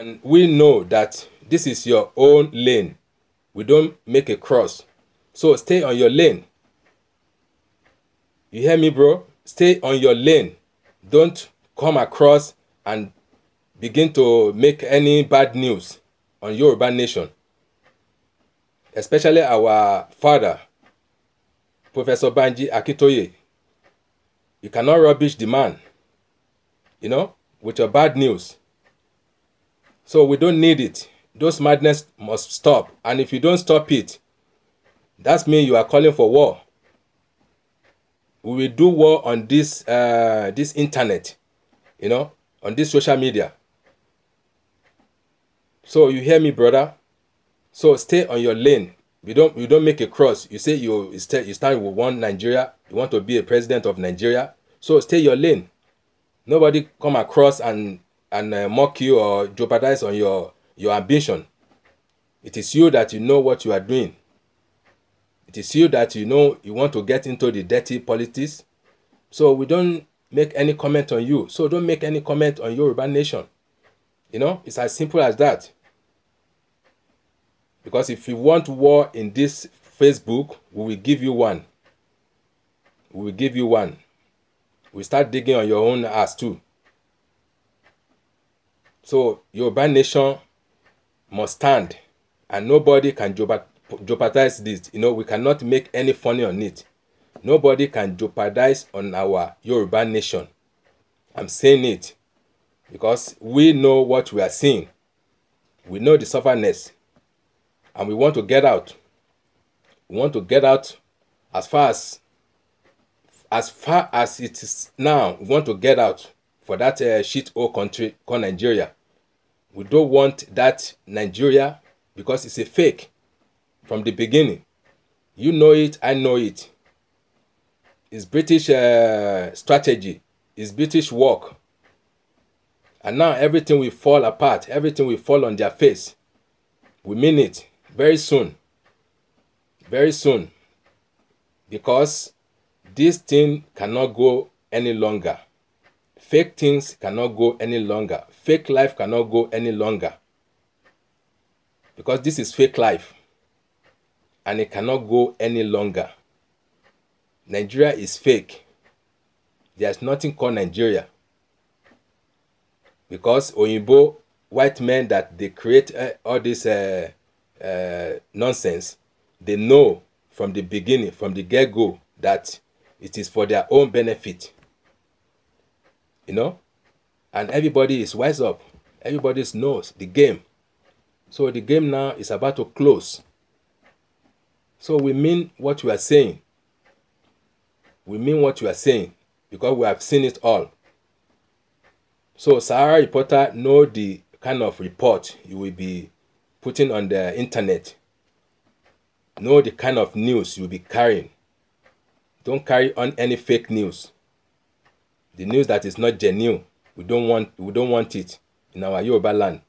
And we know that this is your own lane. We don't make a cross. So stay on your lane. You hear me, bro? Stay on your lane. Don't come across and begin to make any bad news on your urban nation. Especially our father, Professor Banji Akitoye. You cannot rubbish the man, you know, with your bad news. So we don't need it. Those madness must stop. And if you don't stop it, that means you are calling for war. We will do war on this uh, this internet, you know, on this social media. So you hear me, brother? So stay on your lane. You don't you don't make a cross. You say you stay, you stand with one Nigeria. You want to be a president of Nigeria. So stay your lane. Nobody come across and and uh, mock you or jeopardize on your your ambition it is you that you know what you are doing it is you that you know you want to get into the dirty politics so we don't make any comment on you so don't make any comment on your nation you know it's as simple as that because if you want war in this facebook we will give you one we will give you one we start digging on your own ass too so Yoruba nation must stand and nobody can jeopardize this. You know, we cannot make any funny on it. Nobody can jeopardize on our Yoruba nation. I'm saying it because we know what we are seeing. We know the sufferness and we want to get out. We want to get out as far as as far as it is now. We want to get out for that uh, shit old country called Nigeria. We don't want that Nigeria because it's a fake from the beginning. You know it, I know it. It's British uh, strategy, it's British work. And now everything will fall apart, everything will fall on their face. We mean it very soon. Very soon. Because this thing cannot go any longer. Fake things cannot go any longer. Fake life cannot go any longer. Because this is fake life. And it cannot go any longer. Nigeria is fake. There's nothing called Nigeria. Because Oyibo white men that they create uh, all this uh, uh, nonsense, they know from the beginning, from the get-go, that it is for their own benefit you know and everybody is wise up everybody knows the game so the game now is about to close so we mean what we are saying we mean what we are saying because we have seen it all so sahara reporter know the kind of report you will be putting on the internet know the kind of news you'll be carrying don't carry on any fake news the news that is not genuine we don't want we don't want it in our yoruba land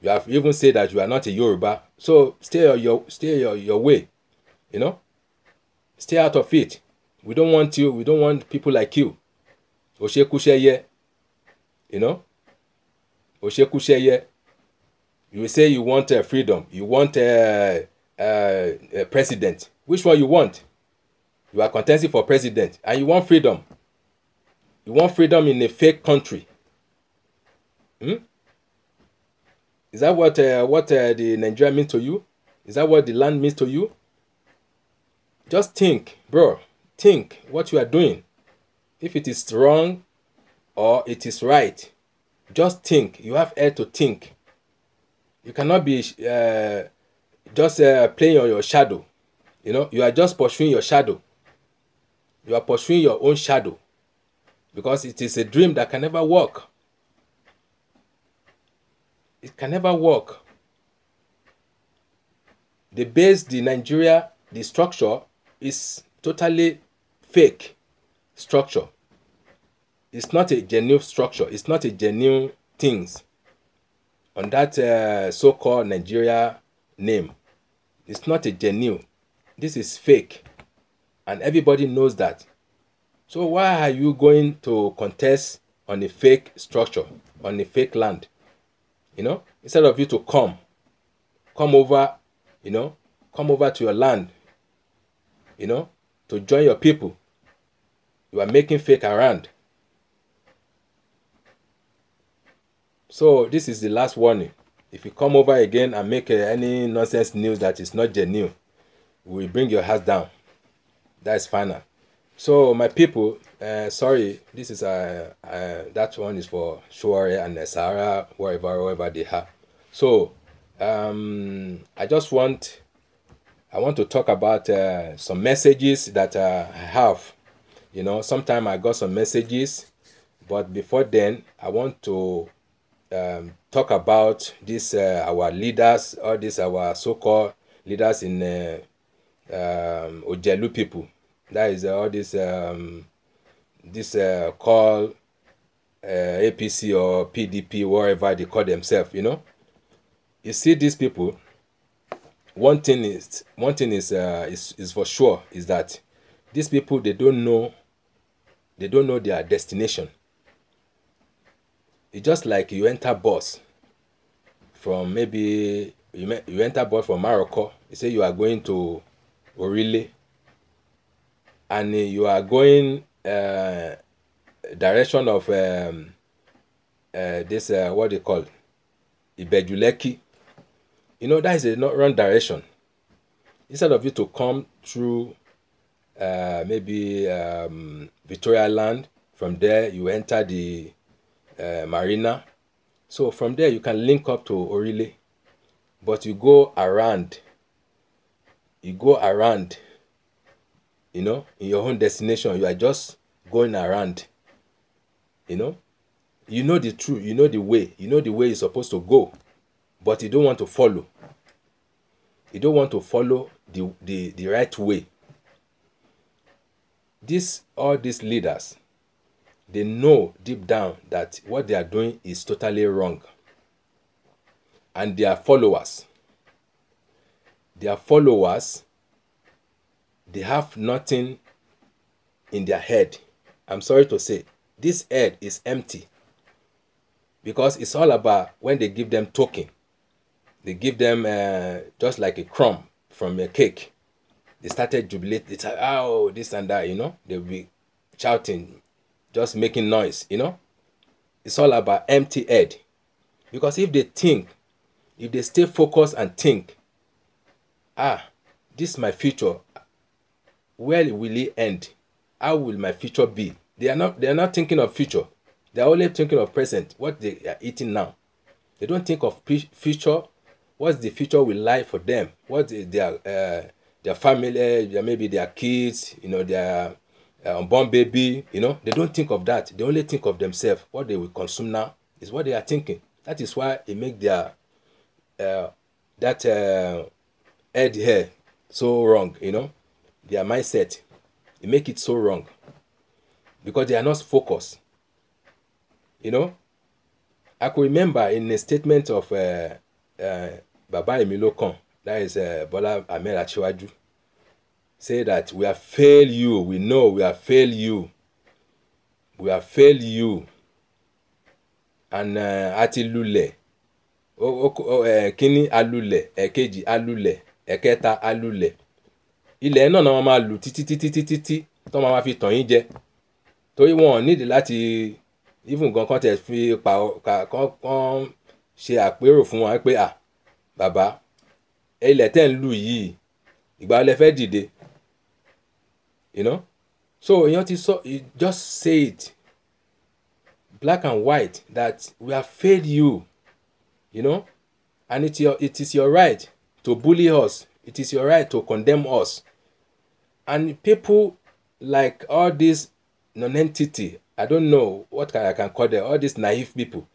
you have even said that you are not a yoruba so stay your, stay your, your way you know stay out of it we don't want you we don't want people like you osekuseye you know osekuseye you say you want uh, freedom you want a uh, uh, uh, president which one you want you are contesting for president and you want freedom you want freedom in a fake country. Hmm? Is that what uh, what uh, the Nigeria means to you? Is that what the land means to you? Just think, bro. Think what you are doing. If it is wrong or it is right, just think. You have air to think. You cannot be uh, just uh, playing on your shadow. You know, you are just pursuing your shadow. You are pursuing your own shadow because it is a dream that can never work. It can never work. The base the Nigeria, the structure is totally fake structure. It's not a genuine structure. It's not a genuine things on that uh, so-called Nigeria name. It's not a genuine. This is fake. And everybody knows that. So why are you going to contest on a fake structure, on a fake land? You know, instead of you to come, come over, you know, come over to your land, you know, to join your people. You are making fake around. So this is the last warning. If you come over again and make uh, any nonsense news that is not genuine, we bring your house down. That is final. So my people, uh, sorry, this is a uh, uh, that one is for Shuare and Sarah, wherever wherever they have. So um, I just want I want to talk about uh, some messages that uh, I have. You know, sometime I got some messages, but before then, I want to um, talk about this uh, our leaders, all these our so-called leaders in uh, um, Ojelu people. That is uh, all this um, this uh, call uh, APC or PDP, whatever they call themselves. You know, you see these people. One thing is one thing is uh, is is for sure is that these people they don't know they don't know their destination. It's just like you enter bus from maybe you, you enter bus from Morocco. You say you are going to Orile and you are going uh, direction of um, uh, this uh, what they call Ibejuleki, you know that is a not wrong direction. Instead of you to come through uh, maybe um, Victoria Land, from there you enter the uh, marina. So from there you can link up to Orile, but you go around. You go around you know in your own destination you are just going around you know you know the truth you know the way you know the way you're supposed to go but you don't want to follow you don't want to follow the the, the right way this all these leaders they know deep down that what they are doing is totally wrong and their followers their followers They have nothing in their head. I'm sorry to say, this head is empty because it's all about when they give them token. They give them uh, just like a crumb from a cake. They started jubilate. They said, ah, oh, this and that, you know. They'll be shouting, just making noise, you know. It's all about empty head. Because if they think, if they stay focused and think, ah, this is my future, where will it end? How will my future be? They are not they are not thinking of future. They are only thinking of present, what they are eating now. They don't think of future. What's the future will lie for them? What their uh, their family, their, uh, maybe their kids, you know, their uh, unborn baby, you know, they don't think of that. They only think of themselves. What they will consume now is what they are thinking. That is why it make their uh, that uh, head hair so wrong, you know. their mindset they make it so wrong because they are not focused you know i could remember in a statement of uh, uh, baba emilokan that is uh, bola ahmed achiwaju say that we have failed you we know we have failed you we have failed you and uh, ati Lule, o o, o uh, eh, kini alulẹ̀ Alule, alulẹ̀ ẹ̀kẹta Alule ilẹ̀ náà náà wọ́n máa lù títí títí títí tí tó máa fi tàn yín jẹ torí wọn ò nídìí láti even gan kan tẹ̀ fi pa kan kan ṣe àpérò fún wọn pé à bàbá ilẹ̀ tẹ̀ ń lù yìí ìgbà lẹ fẹ́ dìde you know so èèyàn ti sọ he just said black and white that we have failed you you know and it, it is your right to bully us it is your right to condemn us And people like all these non-entity, I don't know what I can call them, all these naive people,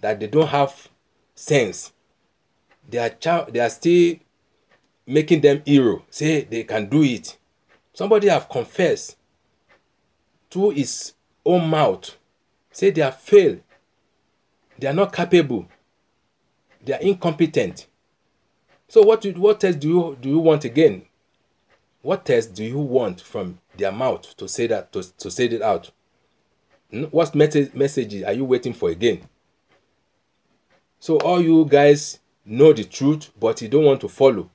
that they don't have sense. They are, child. they are still making them hero, say they can do it. Somebody have confessed through his own mouth, say they have failed, they are not capable, they are incompetent. So what, what else do you, do you want again? What test do you want from their mouth to say that to, to say it out? What message messages are you waiting for again? So all you guys know the truth, but you don't want to follow.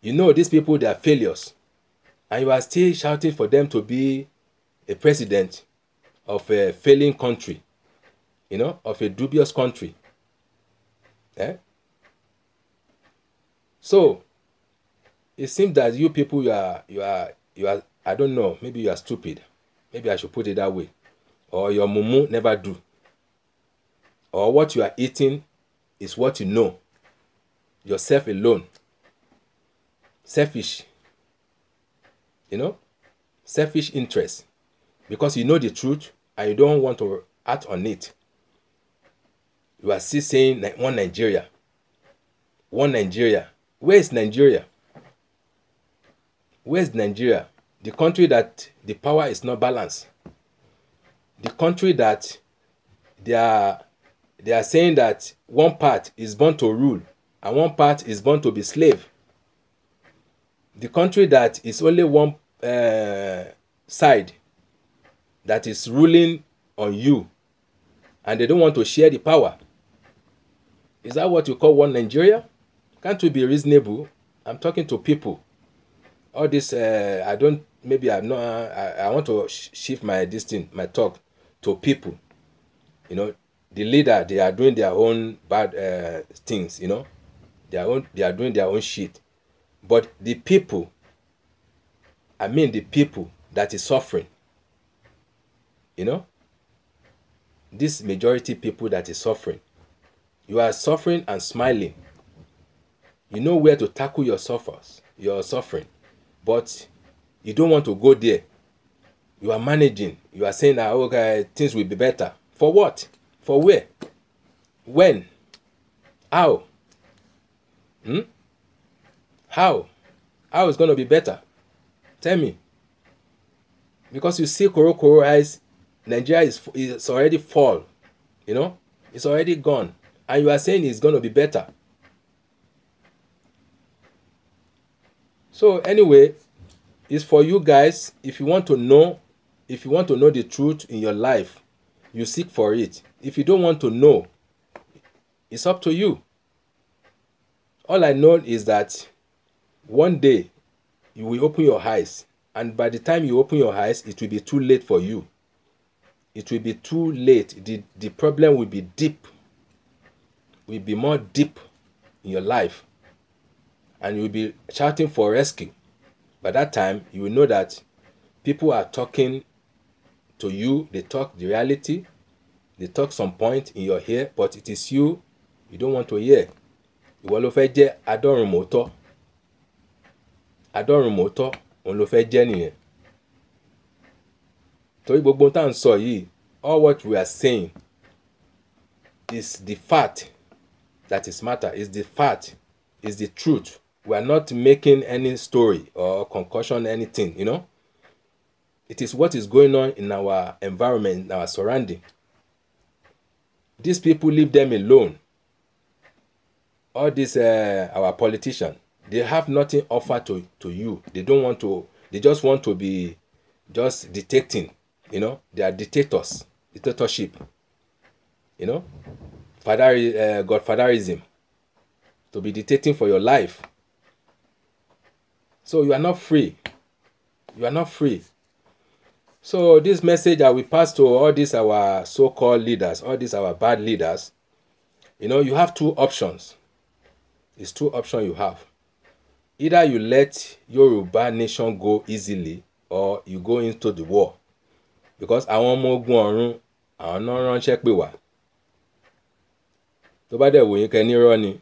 You know these people they are failures, and you are still shouting for them to be a president of a failing country, you know, of a dubious country. Eh? So it seems that you people you are you are you are I don't know, maybe you are stupid. Maybe I should put it that way. Or your mumu never do. Or what you are eating is what you know. Yourself alone. Selfish. You know? Selfish interest. Because you know the truth and you don't want to act on it. You are still saying one Nigeria. One Nigeria. Where is Nigeria? Where's Nigeria? The country that the power is not balanced. The country that they are, they are saying that one part is born to rule and one part is born to be slave. The country that is only one uh, side that is ruling on you and they don't want to share the power. Is that what you call one Nigeria? Can't we be reasonable? I'm talking to people all this uh, i don't maybe i'm not i, I want to sh shift my this thing my talk to people you know the leader they are doing their own bad uh, things you know their own they are doing their own shit but the people i mean the people that is suffering you know this majority people that is suffering you are suffering and smiling you know where to tackle your suffers your suffering but you don't want to go there you are managing you are saying that okay things will be better for what for where when how hmm how how is going to be better tell me because you see Koro Koro eyes nigeria is is already fall you know it's already gone and you are saying it's going to be better So anyway, it's for you guys. If you want to know, if you want to know the truth in your life, you seek for it. If you don't want to know, it's up to you. All I know is that one day you will open your eyes, and by the time you open your eyes, it will be too late for you. It will be too late. The, the problem will be deep, will be more deep in your life. and you'll be shouting for rescue. By that time, you will know that people are talking to you, they talk the reality, they talk some point in your ear, but it is you you don't want to hear. Ìwọ ló fẹ́ jẹ́ adọ́rùnmọ́tọ́. Adọ́rùnmọ́tọ́ òun ló fẹ́ jẹ́ nìyẹn. Torí gbogbo ohun tá à ń sọ yìí, all what we are saying is the fact that is matter, is the fact, is the truth. We are not making any story or concussion anything, you know. It is what is going on in our environment, in our surrounding. These people leave them alone. All these uh, our politicians, they have nothing offered to, to you. They don't want to, they just want to be just dictating, you know. They are dictators, dictatorship, you know. Father, uh, Godfatherism, to be dictating for your life. So you are not free. You are not free. So this message that we pass to all these our so-called leaders, all these our bad leaders, you know, you have two options. It's two options you have. Either you let Yoruba nation go easily or you go into the war. Because àwọn ọmọ ogun ọ̀run àwọn náà ránṣẹ́ pè wá. Tó bá dẹ̀ wòye kẹ́ ní rọ́ ni,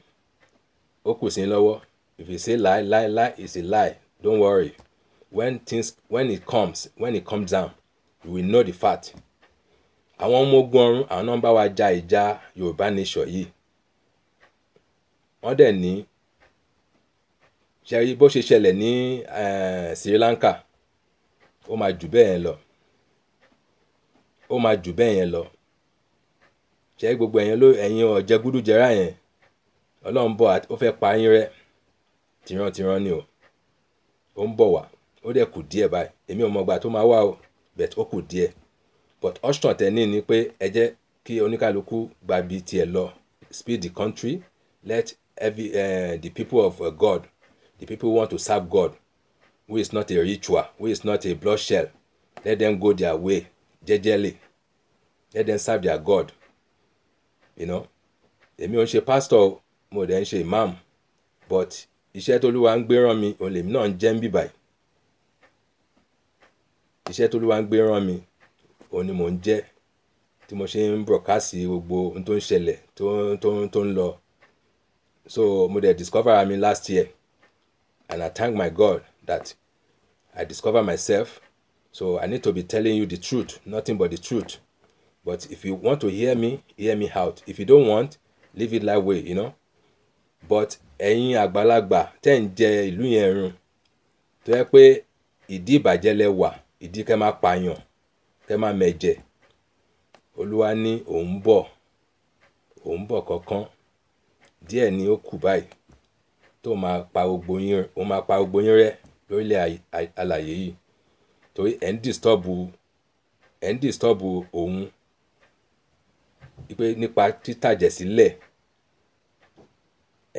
ó kù sí lọ́wọ́ if you say lie lie lie is a lie don't worry when things when it comes when it comes down you will know the fact àwọn ọmọ ogun ọ̀run àwọn náà ń bá wa ja ìjà yorùbá nation yìí wọ́n dẹ̀ ní ṣẹ́rí bó ṣe ṣẹlẹ̀ ní eh, Sri Lanka ó máa jù bẹ́ẹ̀ yẹn lọ ó máa jù bẹ́ẹ̀ yẹn lọ ṣẹ́rí gbogbo ẹ̀yin ọ̀jẹ̀gúdújẹrá yẹn ọlọ́run bọ̀ ó fẹ́ pa yín rẹ́ tìrantìran ni o ó ń bọ̀ wá ó dẹ̀ kù díẹ̀ báyìí èmi ò mọ̀gbà tó máa wá o but ó kù díẹ̀ but option tẹ̀ní ni pé ẹ jẹ́ kí oníkálukú gbàbí tiẹ̀ lọ speed the country let every, uh, the people of uh, God the people who want to serve God who is not a ritual who is not a blood shell, let them go their way jẹ́jẹ́lẹ̀ let them serve their God you know èmi ò ń ṣe pastor o mo dẹ̀ ń ṣe imam but iṣẹ́ t'Olúwa ń gbé rán mi òun lèmi náà ń jẹ́ ń bì báyìí iṣẹ́ t'Olúwa ń gbé rán mi òun ni mò ń jẹ́ tí mo ṣe ń broadcast gbogbo ohun tó ń ṣẹlẹ̀ tó ń tó ń lọ so mo dẹ̀ discover am last year and I thank my God that I discover myself so I need to be telling you the truth nothing but the truth but if you want to hear me hear me out if you don't want leave it that way you know but ẹ̀yin àgbàlagbà tẹ́ ń jẹ ìlú yẹn run tó yẹ pé ìdí ìbàjẹ́ lẹ wà ìdí kẹ́ máa pààyàn kẹ́ máa mẹ̀jẹ̀ olúwa ní òun bọ̀ kankan díẹ̀ ni ó kù báyìí tó pa gbogbo yín ó máa pa gbogbo yín rẹ́ lórílẹ̀ àlàyé yìí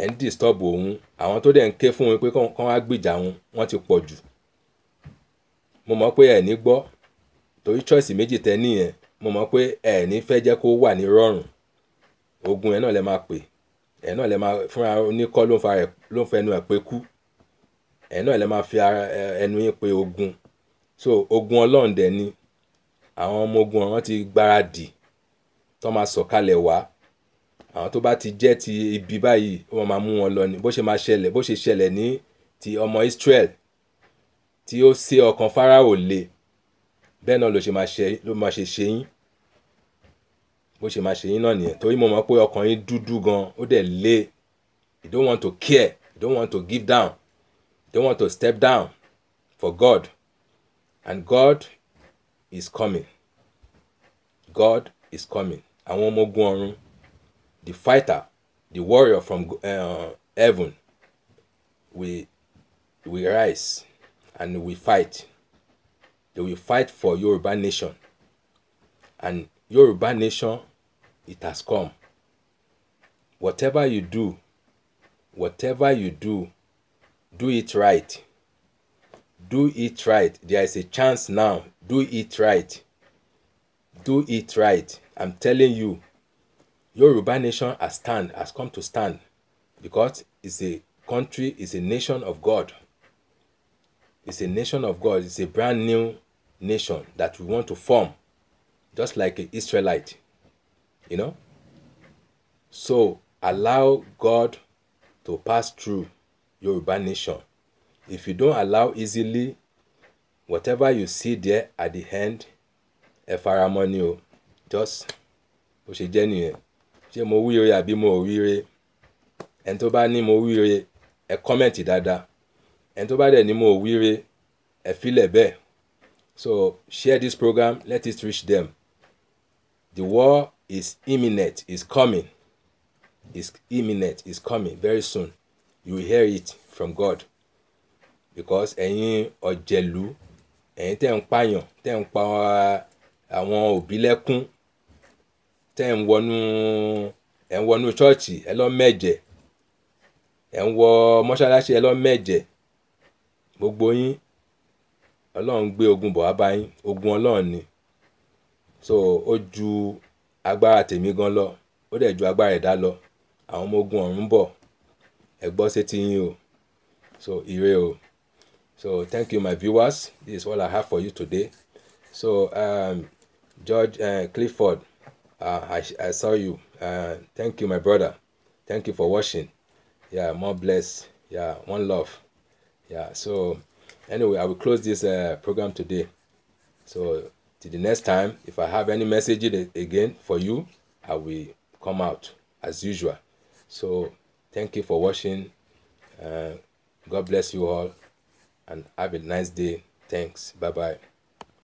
ẹ̀ ń disturb òun àwọn tó dẹ̀ ń ké fún un pé kán wá gbìjà òun wọ́n ti pọ̀ jù mo mọ̀ pé ẹ̀ ní gbọ́ torí choice méjì tẹ nìyẹn mo mọ̀ pé ẹ̀ ní fẹ́ jẹ́ kó wà ní rọrùn ogun ẹ̀ náà lẹ máa pè ẹ̀ náà lẹ máa fúnra oníkọ́ ló ń fẹnu ẹ̀ pé kú ẹ̀ náà lẹ máa fi ẹnu yín pé ogun so ogun ọlọ́run dẹ̀ ni àwọn ọmọ ogun ọ̀ràn ti gbáradì tó máa sọ̀kalẹ̀ wá àwọn tó bá ti jẹ́ ti ibi báyìí wọ́n máa mú wọn lọ ni bó ṣe máa ṣẹlẹ̀ bó ṣe ṣẹlẹ̀ ní ti ọmọ Israel tí ó ṣe ọkàn Fáráò le bẹ́ẹ̀ náà ló ṣe máa ṣe ṣe yín bó ṣe máa ṣe yín náà nìyẹn torí mo mọ̀ pé ọkàn yín dúdú gan ó dẹ̀ le you don't want to care you don't want to give down you don't want to step down for God and God is coming God is coming àwọn ọmọ ogun ọ̀run the fighter, the warrior from uh, heaven, We will rise and we fight. They will fight for Yoruba nation. And Yoruba nation, it has come. Whatever you do, whatever you do, do it right. Do it right. There is a chance now. Do it right. Do it right. I'm telling you, Yoruba nation has stand has come to stand because it's a country, it's a nation of God. It's a nation of God. It's a brand new nation that we want to form, just like an Israelite, you know. So allow God to pass through Yoruba nation. If you don't allow easily, whatever you see there at the end, a faramọ́ just bó ṣe jẹ́ ṣé mo wíire àbí mo ò wíire ẹni tó bá ní mo wíire ẹ kọ́mẹ̀ntì dáadáa ẹni tó bá dẹ̀ ní mo ò wíire ẹ filẹ̀ bẹ́ẹ̀ so share this program let it reach them the war is imminent is coming is imminent is coming very soon you will hear it from God because ẹ̀yin ọ̀jẹ̀lú ẹ̀yin tẹ́ ń pààyàn tẹ́ ń pa àwọn òbí lẹ́kún tẹ́ ń wọnú ẹ̀ ń wọnú ṣọ́ọ̀ṣì ẹ lọ mẹ́jẹ̀ ẹ̀ ń wọ mọ́ṣáláṣí ẹ lọ mẹ́jẹ̀ gbogbo yín ọlọ́run gbé ogun bọ̀ wá yín ogun ọlọ́run ni so ó ju agbára tèmi gan lọ ó dẹ̀ ju agbára ẹ̀dá lọ àwọn ọmọ ogun ọ̀run bọ̀ ẹ gbọ́ sétí yín o so ire o so thank you my viewers this is all I have for you today so um, George uh, Clifford uh, I, I saw you. Uh, thank you, my brother. Thank you for watching. Yeah, more bless. Yeah, one love. Yeah, so anyway, I will close this uh, program today. So till the next time, if I have any message again for you, I will come out as usual. So thank you for watching. Uh, God bless you all and have a nice day. Thanks. Bye-bye.